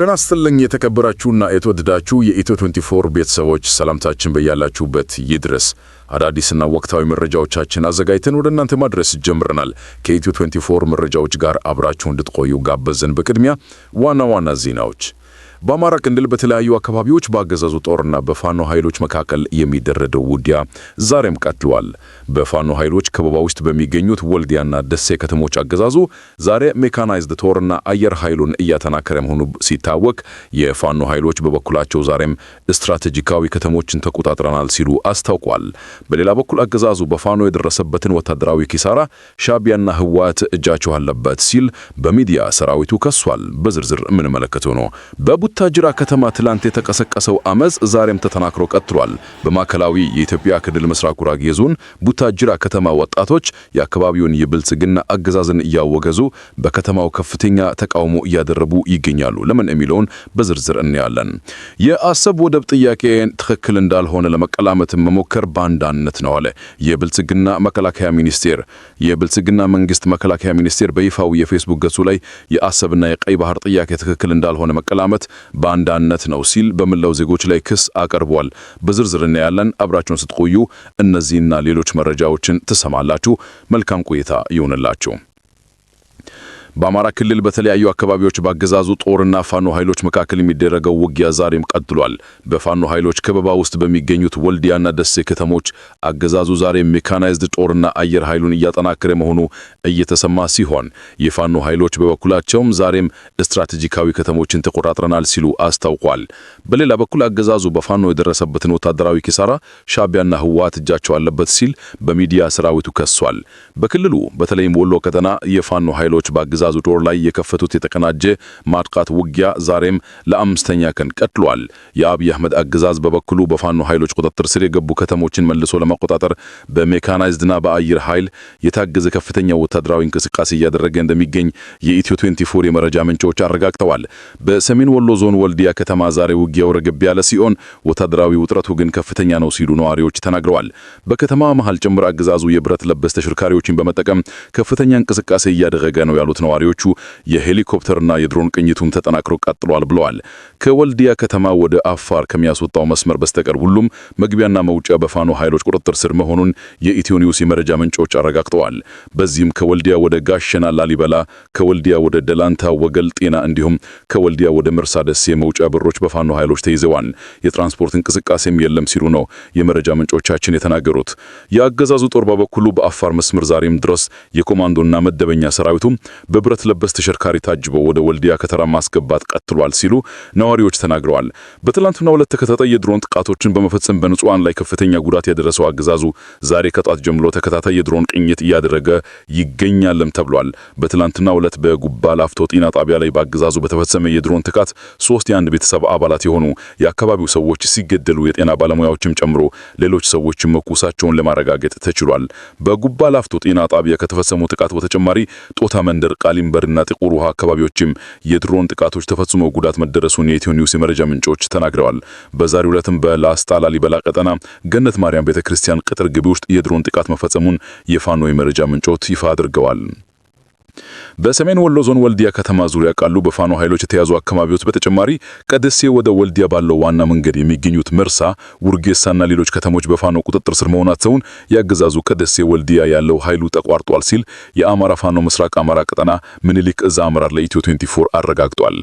ጤና ይስጥልኝ የተከበራችሁና የተወደዳችሁ የኢትዮ 24 ቤተሰቦች ሰላምታችን በያላችሁበት ይድረስ። አዳዲስና ወቅታዊ መረጃዎቻችን አዘጋጅተን ወደ እናንተ ማድረስ ጀምረናል። ከኢትዮ 24 መረጃዎች ጋር አብራችሁ እንድትቆዩ ጋበዘን። በቅድሚያ ዋና ዋና ዜናዎች በአማራ ክልል በተለያዩ አካባቢዎች በአገዛዙ ጦርና በፋኖ ኃይሎች መካከል የሚደረደው ውጊያ ዛሬም ቀጥሏል። በፋኖ ኃይሎች ከበባ ውስጥ በሚገኙት ወልዲያና ደሴ ከተሞች አገዛዙ ዛሬ ሜካናይዝድ ጦርና አየር ኃይሉን እያተናከረ መሆኑ ሲታወቅ፣ የፋኖ ኃይሎች በበኩላቸው ዛሬም ስትራቴጂካዊ ከተሞችን ተቆጣጥረናል ሲሉ አስታውቋል። በሌላ በኩል አገዛዙ በፋኖ የደረሰበትን ወታደራዊ ኪሳራ ሻቢያና ህወሓት እጃቸው አለበት ሲል በሚዲያ ሰራዊቱ ከሷል። በዝርዝር የምንመለከተው ነው። በቡታጅራ ከተማ ትላንት የተቀሰቀሰው አመፅ ዛሬም ተጠናክሮ ቀጥሏል። በማዕከላዊ የኢትዮጵያ ክልል ምስራቅ ጉራጌ ዞን ቡታጅራ ከተማ ወጣቶች የአካባቢውን የብልጽግና አገዛዝን እያወገዙ በከተማው ከፍተኛ ተቃውሞ እያደረቡ ይገኛሉ። ለምን የሚለውን በዝርዝር እናያለን። የአሰብ ወደብ ጥያቄን ትክክል እንዳልሆነ ለመቀላመት መሞከር ባንዳነት ነው አለ የብልጽግና መከላከያ ሚኒስቴር። የብልጽግና መንግስት መከላከያ ሚኒስቴር በይፋው የፌስቡክ ገጹ ላይ የአሰብና የቀይ ባህር ጥያቄ ትክክል እንዳልሆነ መቀላመት ባንዳነት ነው ሲል በመላው ዜጎች ላይ ክስ አቅርቧል። በዝርዝር እናያለን። አብራችሁን ስትቆዩ እነዚህና ሌሎች መረጃዎችን ትሰማላችሁ። መልካም ቆይታ ይሁንላችሁ። በአማራ ክልል በተለያዩ አካባቢዎች በአገዛዙ ጦርና ፋኖ ኃይሎች መካከል የሚደረገው ውጊያ ዛሬም ቀጥሏል። በፋኖ ኃይሎች ከበባ ውስጥ በሚገኙት ወልዲያና ደሴ ከተሞች አገዛዙ ዛሬ ሜካናይዝድ ጦርና አየር ኃይሉን እያጠናከረ መሆኑ እየተሰማ ሲሆን የፋኖ ኃይሎች በበኩላቸውም ዛሬም ስትራቴጂካዊ ከተሞችን ተቆጣጥረናል ሲሉ አስታውቋል። በሌላ በኩል አገዛዙ በፋኖ የደረሰበትን ወታደራዊ ኪሳራ ሻቢያና ህወሓት እጃቸው አለበት ሲል በሚዲያ ሰራዊቱ ከሷል። በክልሉ በተለይም ወሎ ከተና የፋኖ ኃይሎች በአገዛዙ ጦር ላይ የከፈቱት የተቀናጀ ማጥቃት ውጊያ ዛሬም ለአምስተኛ ቀን ቀጥሏል። የአብይ አህመድ አገዛዝ በበኩሉ በፋኖ ኃይሎች ቁጥጥር ስር የገቡ ከተሞችን መልሶ ለመቆጣጠር በሜካናይዝድና በአየር ኃይል የታገዘ ከፍተኛ ወታደራዊ እንቅስቃሴ እያደረገ እንደሚገኝ የኢትዮ 24 የመረጃ ምንጮች አረጋግጠዋል። በሰሜን ወሎ ዞን ወልዲያ ከተማ ዛሬ ውጊያው ረገብ ያለ ሲሆን ወታደራዊ ውጥረቱ ግን ከፍተኛ ነው ሲሉ ነዋሪዎች ተናግረዋል። በከተማ መሃል ጭምር አገዛዙ የብረት ለበስ ተሽከርካሪዎችን በመጠቀም ከፍተኛ እንቅስቃሴ እያደረገ ነው ያሉት ነው ነዋሪዎቹ የሄሊኮፕተርና የድሮን ቅኝቱን ተጠናክሮ ቀጥሏል ብለዋል። ከወልዲያ ከተማ ወደ አፋር ከሚያስወጣው መስመር በስተቀር ሁሉም መግቢያና መውጫ በፋኖ ኃይሎች ቁጥጥር ስር መሆኑን የኢትዮ ኒውስ የመረጃ ምንጮች አረጋግጠዋል። በዚህም ከወልዲያ ወደ ጋሸና ላሊበላ፣ ከወልዲያ ወደ ደላንታ ወገል ጤና እንዲሁም ከወልዲያ ወደ ምርሳ ደሴ የመውጫ በሮች በፋኖ ኃይሎች ተይዘዋል። የትራንስፖርት እንቅስቃሴም የለም ሲሉ ነው የመረጃ ምንጮቻችን የተናገሩት። የአገዛዙ ጦር በበኩሉ በአፋር መስመር ዛሬም ድረስ የኮማንዶና መደበኛ ሰራዊቱ በብረት ለበስ ተሽከርካሪ ታጅቦ ወደ ወልዲያ ከተራ ማስገባት ቀጥሏል ሲሉ ነዋሪዎች ተናግረዋል። በትላንትና ሁለት ተከታታይ የድሮን ጥቃቶችን በመፈጸም በንጹሃን ላይ ከፍተኛ ጉዳት ያደረሰው አገዛዙ ዛሬ ከጧት ጀምሮ ተከታታይ የድሮን ቅኝት እያደረገ ይገኛልም ተብሏል። በትላንትና ሁለት በጉባ ላፍቶ ጤና ጣቢያ ላይ በአገዛዙ በተፈጸመ የድሮን ጥቃት ሶስት የአንድ ቤተሰብ አባላት የሆኑ የአካባቢው ሰዎች ሲገደሉ የጤና ባለሙያዎችም ጨምሮ ሌሎች ሰዎች መኩሳቸውን ለማረጋገጥ ተችሏል። በጉባ ላፍቶ ጤና ጣቢያ ከተፈጸመው ጥቃት በተጨማሪ ጦታ መንደር በቃሊም ጥቁር ውሃ አካባቢዎችም የድሮን ጥቃቶች ተፈጽሞ ጉዳት መደረሱን የኢትዮ ኒውስ የመረጃ ምንጮች ተናግረዋል። በዛሬው ዕለትም በላስታ ላሊበላ ቀጠና ገነት ማርያም ቤተክርስቲያን ቅጥር ግቢ ውስጥ የድሮን ጥቃት መፈጸሙን የፋኖ የመረጃ ምንጮች ይፋ አድርገዋል። በሰሜን ወሎ ዞን ወልዲያ ከተማ ዙሪያ ቃሉ በፋኖ ኃይሎች የተያዙ አካባቢዎች በተጨማሪ ከደሴ ወደ ወልዲያ ባለው ዋና መንገድ የሚገኙት መርሳ፣ ውርጌሳና ሌሎች ከተሞች በፋኖ ቁጥጥር ስር መሆናቸውን ያገዛዙ ከደሴ ወልዲያ ያለው ኃይሉ ተቋርጧል ሲል የአማራ ፋኖ ምስራቅ አማራ ቀጠና ምኒልክ እዛ አመራር ለኢትዮ 24 አረጋግጧል።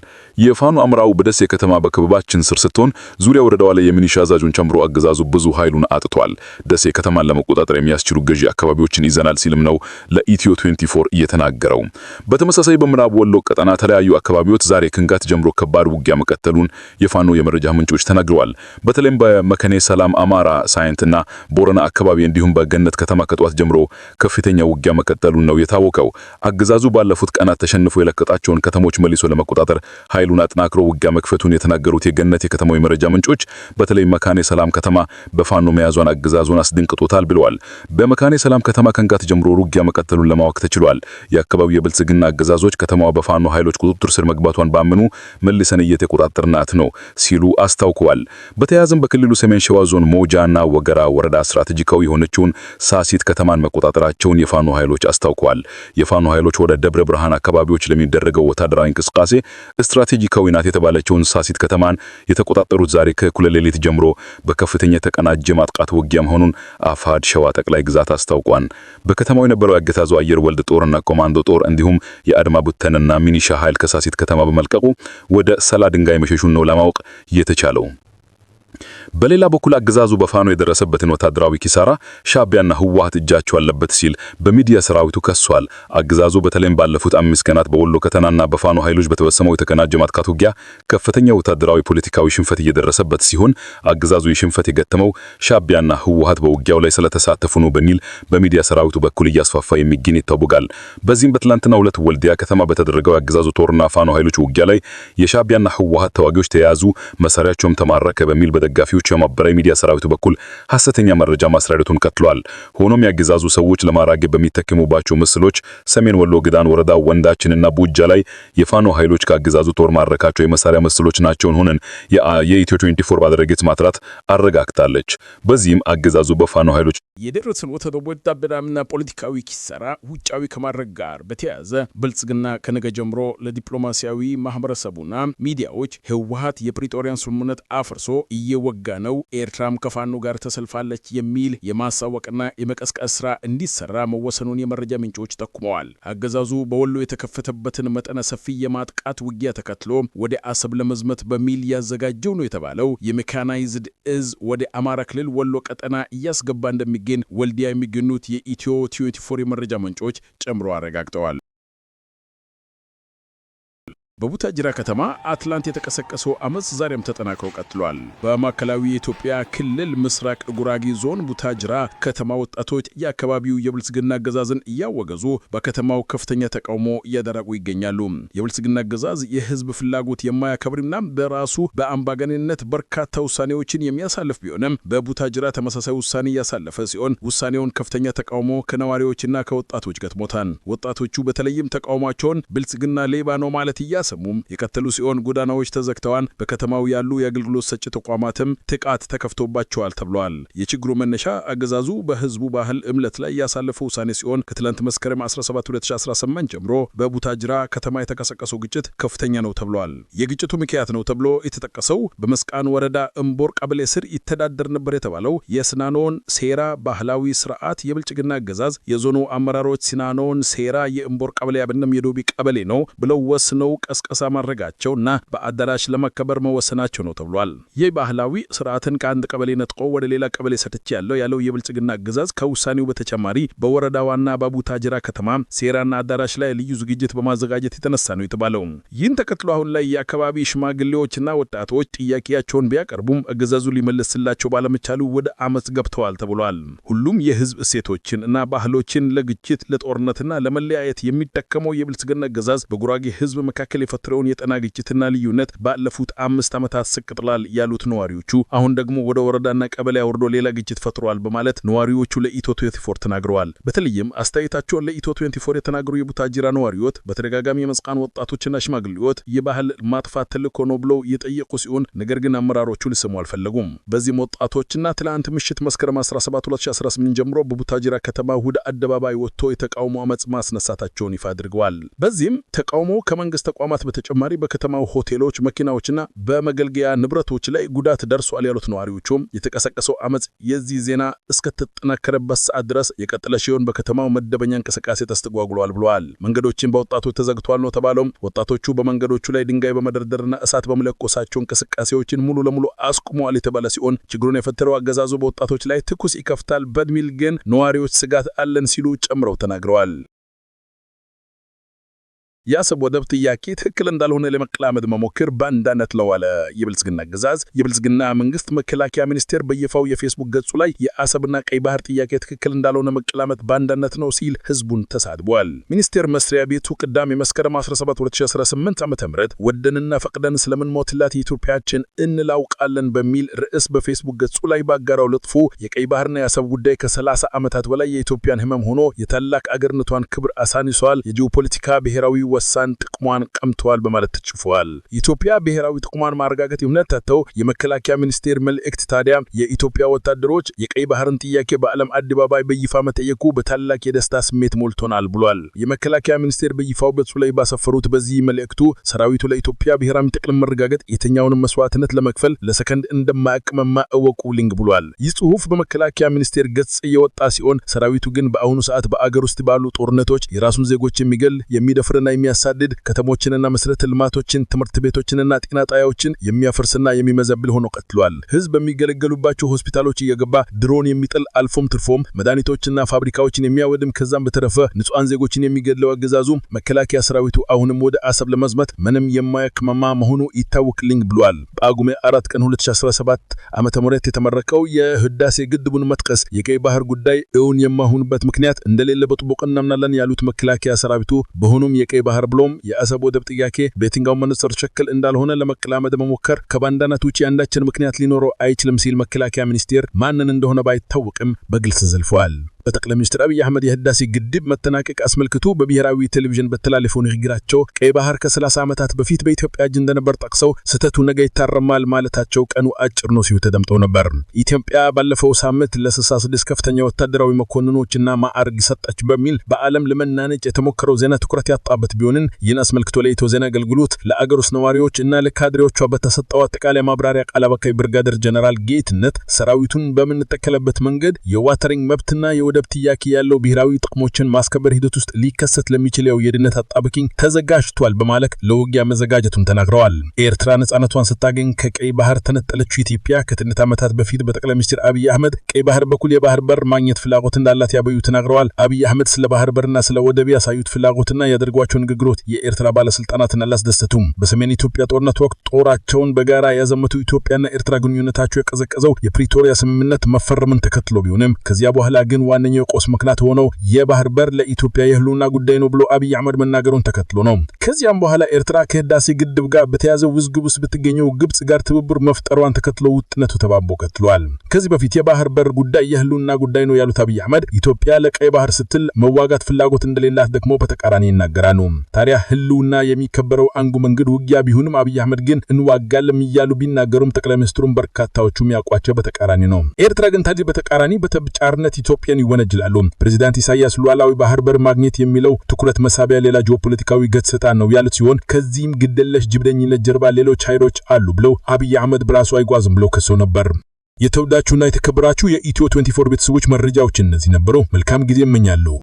የፋኖ አምራው በደሴ ከተማ በክበባችን ስር ስትሆን ዙሪያ ወረዳዋ ላይ የሚኒሻ አዛዡን ጨምሮ አገዛዙ ብዙ ኃይሉን አጥቷል። ደሴ ከተማን ለመቆጣጠር የሚያስችሉ ገዢ አካባቢዎችን ይዘናል ሲልም ነው ለኢትዮ 24 እየተናገረው የቀጠለው። በተመሳሳይ በምዕራብ ወሎ ቀጠና ተለያዩ አካባቢዎች ዛሬ ክንጋት ጀምሮ ከባድ ውጊያ መቀጠሉን የፋኖ የመረጃ ምንጮች ተናግረዋል። በተለይም በመከኔ ሰላም፣ አማራ ሳይንትና ቦረና አካባቢ እንዲሁም በገነት ከተማ ከጧት ጀምሮ ከፍተኛ ውጊያ መቀጠሉን ነው የታወቀው። አገዛዙ ባለፉት ቀናት ተሸንፎ የለቀጣቸውን ከተሞች መልሶ ለመቆጣጠር ኃይሉን አጠናክሮ ውጊያ መክፈቱን የተናገሩት የገነት የከተማው የመረጃ ምንጮች በተለይ መካኔ ሰላም ከተማ በፋኖ መያዟን አገዛዙን አስደንቅጦታል ብለዋል። በመካኔ ሰላም ከተማ ከንጋት ጀምሮ ውጊያ መቀጠሉን ለማወቅ ተችሏል። የአካባቢ ጊዜያዊ የብልጽግና አገዛዞች ከተማዋ በፋኖ ኃይሎች ቁጥጥር ስር መግባቷን ባመኑ መልሰን እየተቆጣጠርናት ነው ሲሉ አስታውቀዋል። በተያያዘም በክልሉ ሰሜን ሸዋ ዞን ሞጃና ወገራ ወረዳ ስትራቴጂካዊ የሆነችውን ሳሲት ከተማን መቆጣጠራቸውን የፋኖ ኃይሎች አስታውቀዋል። የፋኖ ኃይሎች ወደ ደብረ ብርሃን አካባቢዎች ለሚደረገው ወታደራዊ እንቅስቃሴ ስትራቴጂካዊ ናት የተባለችውን ሳሲት ከተማን የተቆጣጠሩት ዛሬ ከእኩለ ሌሊት ጀምሮ በከፍተኛ የተቀናጀ ማጥቃት ውጊያ መሆኑን አፋድ ሸዋ ጠቅላይ ግዛት አስታውቋል። በከተማው የነበረው የአገዛዙ አየር ወልድ ጦርና ኮማንዶ ጦር ጦር እንዲሁም የአድማ ብተንና ሚኒሻ ኃይል ከሳሲት ከተማ በመልቀቁ ወደ ሰላ ድንጋይ መሸሹን ነው ለማወቅ የተቻለው። በሌላ በኩል አገዛዙ በፋኖ የደረሰበትን ወታደራዊ ኪሳራ ሻቢያና ህወሓት እጃቸው አለበት ሲል በሚዲያ ሰራዊቱ ከሷል። አገዛዙ በተለይም ባለፉት አምስት ቀናት በወሎ ከተናና በፋኖ ኃይሎች በተወሰመው የተቀናጀ ማጥቃት ውጊያ ከፍተኛ ወታደራዊ ፖለቲካዊ ሽንፈት እየደረሰበት ሲሆን አገዛዙ የሽንፈት የገጠመው ሻቢያና ህወሓት በውጊያው ላይ ስለተሳተፉ ነው በሚል በሚዲያ ሰራዊቱ በኩል እያስፋፋ የሚገኝ ይታወቃል። በዚህም በትላንትና ሁለት ወልዲያ ከተማ በተደረገው የአገዛዙ ጦርና ፋኖ ኃይሎች ውጊያ ላይ የሻቢያና ህወሓት ተዋጊዎች ተያዙ መሳሪያቸውም ተማረከ በሚል በደጋፊዎች በሌሎች የማህበራዊ ሚዲያ ሰራዊቱ በኩል ሐሰተኛ መረጃ ማስራሪቱን ቀጥሏል። ሆኖም ያገዛዙ ሰዎች ለማራገብ በሚተከሙባቸው ምስሎች ሰሜን ወሎ ግዳን ወረዳ ወንዳችንና ቡጃ ላይ የፋኖ ኃይሎች ካገዛዙ ጦር ማረካቸው የመሳሪያ ምስሎች ናቸውን ሆነን የኢትዮ 24 ባደረገች ማጥራት አረጋግጣለች። በዚህም አገዛዙ በፋኖ ኃይሎች የደረሰን ወታደራዊና ፖለቲካዊ ኪሰራ ውጫዊ ከማድረግ ጋር በተያያዘ ብልጽግና ከነገ ጀምሮ ለዲፕሎማሲያዊ ማህበረሰቡና ሚዲያዎች ህወሀት የፕሪቶሪያን ስምምነት አፍርሶ እየወጋ እየተዋጋ ነው፣ ኤርትራም ከፋኖ ጋር ተሰልፋለች የሚል የማሳወቅና የመቀስቀስ ስራ እንዲሰራ መወሰኑን የመረጃ ምንጮች ጠቁመዋል። አገዛዙ በወሎ የተከፈተበትን መጠነ ሰፊ የማጥቃት ውጊያ ተከትሎ ወደ አሰብ ለመዝመት በሚል ያዘጋጀው ነው የተባለው የሜካናይዝድ እዝ ወደ አማራ ክልል ወሎ ቀጠና እያስገባ እንደሚገኝ ወልዲያ የሚገኙት የኢትዮ ቲዩቲ የመረጃ ምንጮች ጨምሮ አረጋግጠዋል። በቡታጅራ ከተማ አትላንት የተቀሰቀሰው አመፅ ዛሬም ተጠናክሮ ቀጥሏል። በማዕከላዊ የኢትዮጵያ ክልል ምስራቅ ጉራጌ ዞን ቡታጅራ ከተማ ወጣቶች የአካባቢው የብልጽግና አገዛዝን እያወገዙ በከተማው ከፍተኛ ተቃውሞ እያደረጉ ይገኛሉ። የብልጽግና አገዛዝ የህዝብ ፍላጎት የማያከብርና በራሱ በአምባገንነት በርካታ ውሳኔዎችን የሚያሳልፍ ቢሆንም በቡታጅራ ተመሳሳይ ውሳኔ እያሳለፈ ሲሆን ውሳኔውን ከፍተኛ ተቃውሞ ከነዋሪዎችና ከወጣቶች ገጥሞታል። ወጣቶቹ በተለይም ተቃውሟቸውን ብልጽግና ሌባ ነው ማለት እያ አልተሰሙም የቀጠሉ ሲሆን ጎዳናዎች ተዘግተዋል። በከተማው ያሉ የአገልግሎት ሰጪ ተቋማትም ጥቃት ተከፍቶባቸዋል ተብሏል። የችግሩ መነሻ አገዛዙ በህዝቡ ባህል እምለት ላይ ያሳለፈው ውሳኔ ሲሆን ከትላንት መስከረም 17 2018 ጀምሮ በቡታጅራ ከተማ የተቀሰቀሰው ግጭት ከፍተኛ ነው ተብሏል። የግጭቱ ምክንያት ነው ተብሎ የተጠቀሰው በመስቃን ወረዳ እምቦር ቀበሌ ስር ይተዳደር ነበር የተባለው የሲናኖን ሴራ ባህላዊ ስርዓት የብልጭግና አገዛዝ የዞኑ አመራሮች ሲናኖን ሴራ የእምቦር ቀበሌ ያብንም የዶቢ ቀበሌ ነው ብለው ወስነው ቅስቀሳ ማድረጋቸውና በአዳራሽ ለመከበር መወሰናቸው ነው ተብሏል። ይህ ባህላዊ ስርዓትን ከአንድ ቀበሌ ነጥቆ ወደ ሌላ ቀበሌ ሰጥቼ ያለው ያለው የብልጽግና አገዛዝ ከውሳኔው በተጨማሪ በወረዳዋና ዋና በአቡታጅራ ከተማ ሴራና አዳራሽ ላይ ልዩ ዝግጅት በማዘጋጀት የተነሳ ነው የተባለው። ይህን ተከትሎ አሁን ላይ የአካባቢ ሽማግሌዎችና ወጣቶች ጥያቄያቸውን ቢያቀርቡም አገዛዙ ሊመለስላቸው ባለመቻሉ ወደ አመፅ ገብተዋል ተብሏል። ሁሉም የህዝብ እሴቶችን እና ባህሎችን ለግጭት ለጦርነትና ለመለያየት የሚጠቀመው የብልጽግና አገዛዝ በጉራጌ ህዝብ መካከል የፈጠረውን የጤና ግጭትና ልዩነት ባለፉት አምስት ዓመታት ስቅጥላል ያሉት ነዋሪዎቹ አሁን ደግሞ ወደ ወረዳና ቀበሌ አውርዶ ሌላ ግጭት ፈጥሯል በማለት ነዋሪዎቹ ለኢትዮ 24 ተናግረዋል። በተለይም አስተያየታቸውን ለኢትዮ 24 የተናገሩ የቡታጅራ ነዋሪዎች በተደጋጋሚ የመስቃን ወጣቶችና ሽማግሌዎች የባህል ማጥፋት ትልቅ ሆኖ ብለው የጠየቁ ሲሆን ነገር ግን አመራሮቹ ሊሰሙ አልፈለጉም። በዚህም ወጣቶችና ትላንት ምሽት መስከረም 17 2018 ጀምሮ በቡታጅራ ከተማ ወደ አደባባይ ወጥቶ የተቃውሞ አመፅ ማስነሳታቸውን ይፋ አድርገዋል። በዚህም ተቃውሞ ከመንግስት ተቋማት ከመጥፋት በተጨማሪ በከተማው ሆቴሎች፣ መኪናዎችና በመገልገያ ንብረቶች ላይ ጉዳት ደርሷል ያሉት ነዋሪዎቹም የተቀሰቀሰው አመፅ የዚህ ዜና እስከተጠናከረበት ሰዓት ድረስ የቀጠለ ሲሆን በከተማው መደበኛ እንቅስቃሴ ተስተጓጉሏል ብለዋል። መንገዶችን በወጣቶች ተዘግቷል ነው ተባለውም። ወጣቶቹ በመንገዶቹ ላይ ድንጋይ በመደርደርና እሳት በመለኮሳቸው እንቅስቃሴዎችን ሙሉ ለሙሉ አስቁመዋል የተባለ ሲሆን ችግሩን የፈተረው አገዛዙ በወጣቶች ላይ ትኩስ ይከፍታል በሚል ግን ነዋሪዎች ስጋት አለን ሲሉ ጨምረው ተናግረዋል። የአሰብ ወደብ ጥያቄ ትክክል እንዳልሆነ ለመቀላመድ መሞከር በአንዳነት ለዋለ የብልጽግና ግዛዝ የብልጽግና መንግስት መከላከያ ሚኒስቴር በይፋው የፌስቡክ ገጹ ላይ የአሰብና ቀይ ባህር ጥያቄ ትክክል እንዳልሆነ መቀላመድ በአንዳነት ነው ሲል ህዝቡን ተሳድቧል። ሚኒስቴር መስሪያ ቤቱ ቅዳሜ መስከረም 17 2018 ዓ ም ወደንና ፈቅደን ስለምንሞትላት የኢትዮጵያችን እንላውቃለን በሚል ርዕስ በፌስቡክ ገጹ ላይ ባጋራው ልጥፉ የቀይ ባህርና የአሰብ ጉዳይ ከ30 ዓመታት በላይ የኢትዮጵያን ህመም ሆኖ የታላቅ አገርነቷን ክብር አሳንሷል። የጂኦፖለቲካ ብሔራዊ ወሳኝ ጥቅሟን ቀምተዋል በማለት ተጽፏል። ኢትዮጵያ ብሔራዊ ጥቅሟን ማረጋገጥ እምነት ተተው የመከላከያ ሚኒስቴር መልእክት ታዲያ የኢትዮጵያ ወታደሮች የቀይ ባህርን ጥያቄ በዓለም አደባባይ በይፋ መጠየቁ በታላቅ የደስታ ስሜት ሞልቶናል ብሏል። የመከላከያ ሚኒስቴር በይፋው ገጹ ላይ ባሰፈሩት በዚህ መልእክቱ ሰራዊቱ ለኢትዮጵያ ብሔራዊ ጥቅም መረጋገጥ የተኛውንም መስዋዕትነት ለመክፈል ለሰከንድ እንደማያቅመማ እወቁ ሊንግ ብሏል። ይህ ጽሁፍ በመከላከያ ሚኒስቴር ገጽ የወጣ ሲሆን ሰራዊቱ ግን በአሁኑ ሰዓት በአገር ውስጥ ባሉ ጦርነቶች የራሱን ዜጎች የሚገል የሚደፍርና የሚያሳድድ ከተሞችንና መሰረተ ልማቶችን፣ ትምህርት ቤቶችንና ጤና ጣቢያዎችን የሚያፈርስና የሚመዘብል ሆኖ ቀጥሏል። ህዝብ በሚገለገሉባቸው ሆስፒታሎች እየገባ ድሮን የሚጥል አልፎም ትርፎም መድኃኒቶችና ፋብሪካዎችን የሚያወድም ከዛም በተረፈ ንጹሐን ዜጎችን የሚገድለው አገዛዙ መከላከያ ሰራዊቱ አሁንም ወደ አሰብ ለመዝመት ምንም የማያከማማ መሆኑ ይታወቅልኝ ብሏል። በአጉሜ 4 ቀን 2017 ዓ ም የተመረቀው የህዳሴ ግድቡን መጥቀስ የቀይ ባህር ጉዳይ እውን የማይሆንበት ምክንያት እንደሌለ በጥብቅ እናምናለን ያሉት መከላከያ ሰራዊቱ በሆኑም የቀይ ባህር ብሎም የአሰብ ወደብ ጥያቄ በየትኛውም መነጽር ሸክል እንዳልሆነ ለመቀላመድ መሞከር ከባንዳነት ውጪ አንዳችን ምክንያት ሊኖረው አይችልም ሲል መከላከያ ሚኒስቴር ማንን እንደሆነ ባይታወቅም በግልጽ ዘልፏል። በጠቅላይ ሚኒስትር አብይ አህመድ የህዳሴ ግድብ መጠናቀቅ አስመልክቶ በብሔራዊ ቴሌቪዥን በተላለፈው ንግግራቸው ቀይ ባህር ከ30 ዓመታት በፊት በኢትዮጵያ እጅ እንደነበር ጠቅሰው ስህተቱ ነገ ይታረማል ማለታቸው ቀኑ አጭር ነው ሲሉ ተደምጠው ነበር። ኢትዮጵያ ባለፈው ሳምንት ለ66 ከፍተኛ ወታደራዊ መኮንኖችና ማዕርግ ሰጠች በሚል በዓለም ለመናነጭ የተሞከረው ዜና ትኩረት ያጣበት ቢሆንም ይህን አስመልክቶ ለኢትዮ ዜና አገልግሎት ለአገር ውስጥ ነዋሪዎች እና ለካድሬዎቿ በተሰጠው አጠቃላይ ማብራሪያ ቃል አቀባይ ብርጋዴር ጀነራል ጌትነት ሰራዊቱን በምንተከለበት መንገድ የዋተሪንግ መብትና የወደ መደብ ጥያቄ ያለው ብሔራዊ ጥቅሞችን ማስከበር ሂደት ውስጥ ሊከሰት ለሚችለው የድነት አጣብቂኝ ተዘጋጅቷል በማለት ለውጊያ መዘጋጀቱን ተናግረዋል። ኤርትራ ነጻነቷን ስታገኝ ከቀይ ባህር ተነጠለችው ኢትዮጵያ ከጥንት ዓመታት በፊት በጠቅላይ ሚኒስትር አብይ አህመድ ቀይ ባህር በኩል የባህር በር ማግኘት ፍላጎት እንዳላት ያበዩ ተናግረዋል። አብይ አህመድ ስለ ባህር በርና ስለ ወደብ ያሳዩት ፍላጎትና ያደርጓቸው ንግግሮት የኤርትራ ባለስልጣናትን አላስደሰቱም። በሰሜን ኢትዮጵያ ጦርነት ወቅት ጦራቸውን በጋራ ያዘመቱ ኢትዮጵያና ኤርትራ ግንኙነታቸው የቀዘቀዘው የፕሪቶሪያ ስምምነት መፈረምን ተከትሎ ቢሆንም ከዚያ በኋላ ግን ዋነኛው የቆስ ምክንያት ሆነው የባህር በር ለኢትዮጵያ የህልውና ጉዳይ ነው ብሎ አብይ አህመድ መናገሩን ተከትሎ ነው። ከዚያም በኋላ ኤርትራ ከህዳሴ ግድብ ጋር በተያዘው ውዝግብ ውስጥ ብትገኘው ግብጽ ጋር ትብብር መፍጠሯን ተከትሎ ውጥነቱ ተባቦ ቀጥሏል። ከዚህ በፊት የባህር በር ጉዳይ የህልውና ጉዳይ ነው ያሉት አብይ አህመድ ኢትዮጵያ ለቀይ ባህር ስትል መዋጋት ፍላጎት እንደሌላት ደግሞ በተቃራኒ ይናገራሉ። ታዲያ ህልውና የሚከበረው አንጉ መንገድ ውጊያ ቢሆንም አብይ አህመድ ግን እንዋጋለም እያሉ ቢናገሩም ጠቅላይ ሚኒስትሩም በርካታዎቹ የሚያውቋቸው በተቃራኒ ነው። ኤርትራ ግን ታዲህ በተቃራኒ በተብጫርነት ኢትዮጵያን ይወነጅላሉ። ፕሬዚዳንት ኢሳያስ ሉዓላዊ ባህር በር ማግኘት የሚለው ትኩረት መሳቢያ ሌላ ጂኦፖለቲካዊ ገጽታ ነው ያሉት ሲሆን ከዚህም ግደለሽ ጅብደኝነት ጀርባ ሌሎች ኃይሎች አሉ ብለው አብይ አህመድ በራሱ አይጓዝም ብለው ከሰው ነበር። የተወዳችሁና የተከበራችሁ የኢትዮ 24 ቤተሰቦች መረጃዎች እነዚህ ነበሩ። መልካም ጊዜ እመኛለሁ።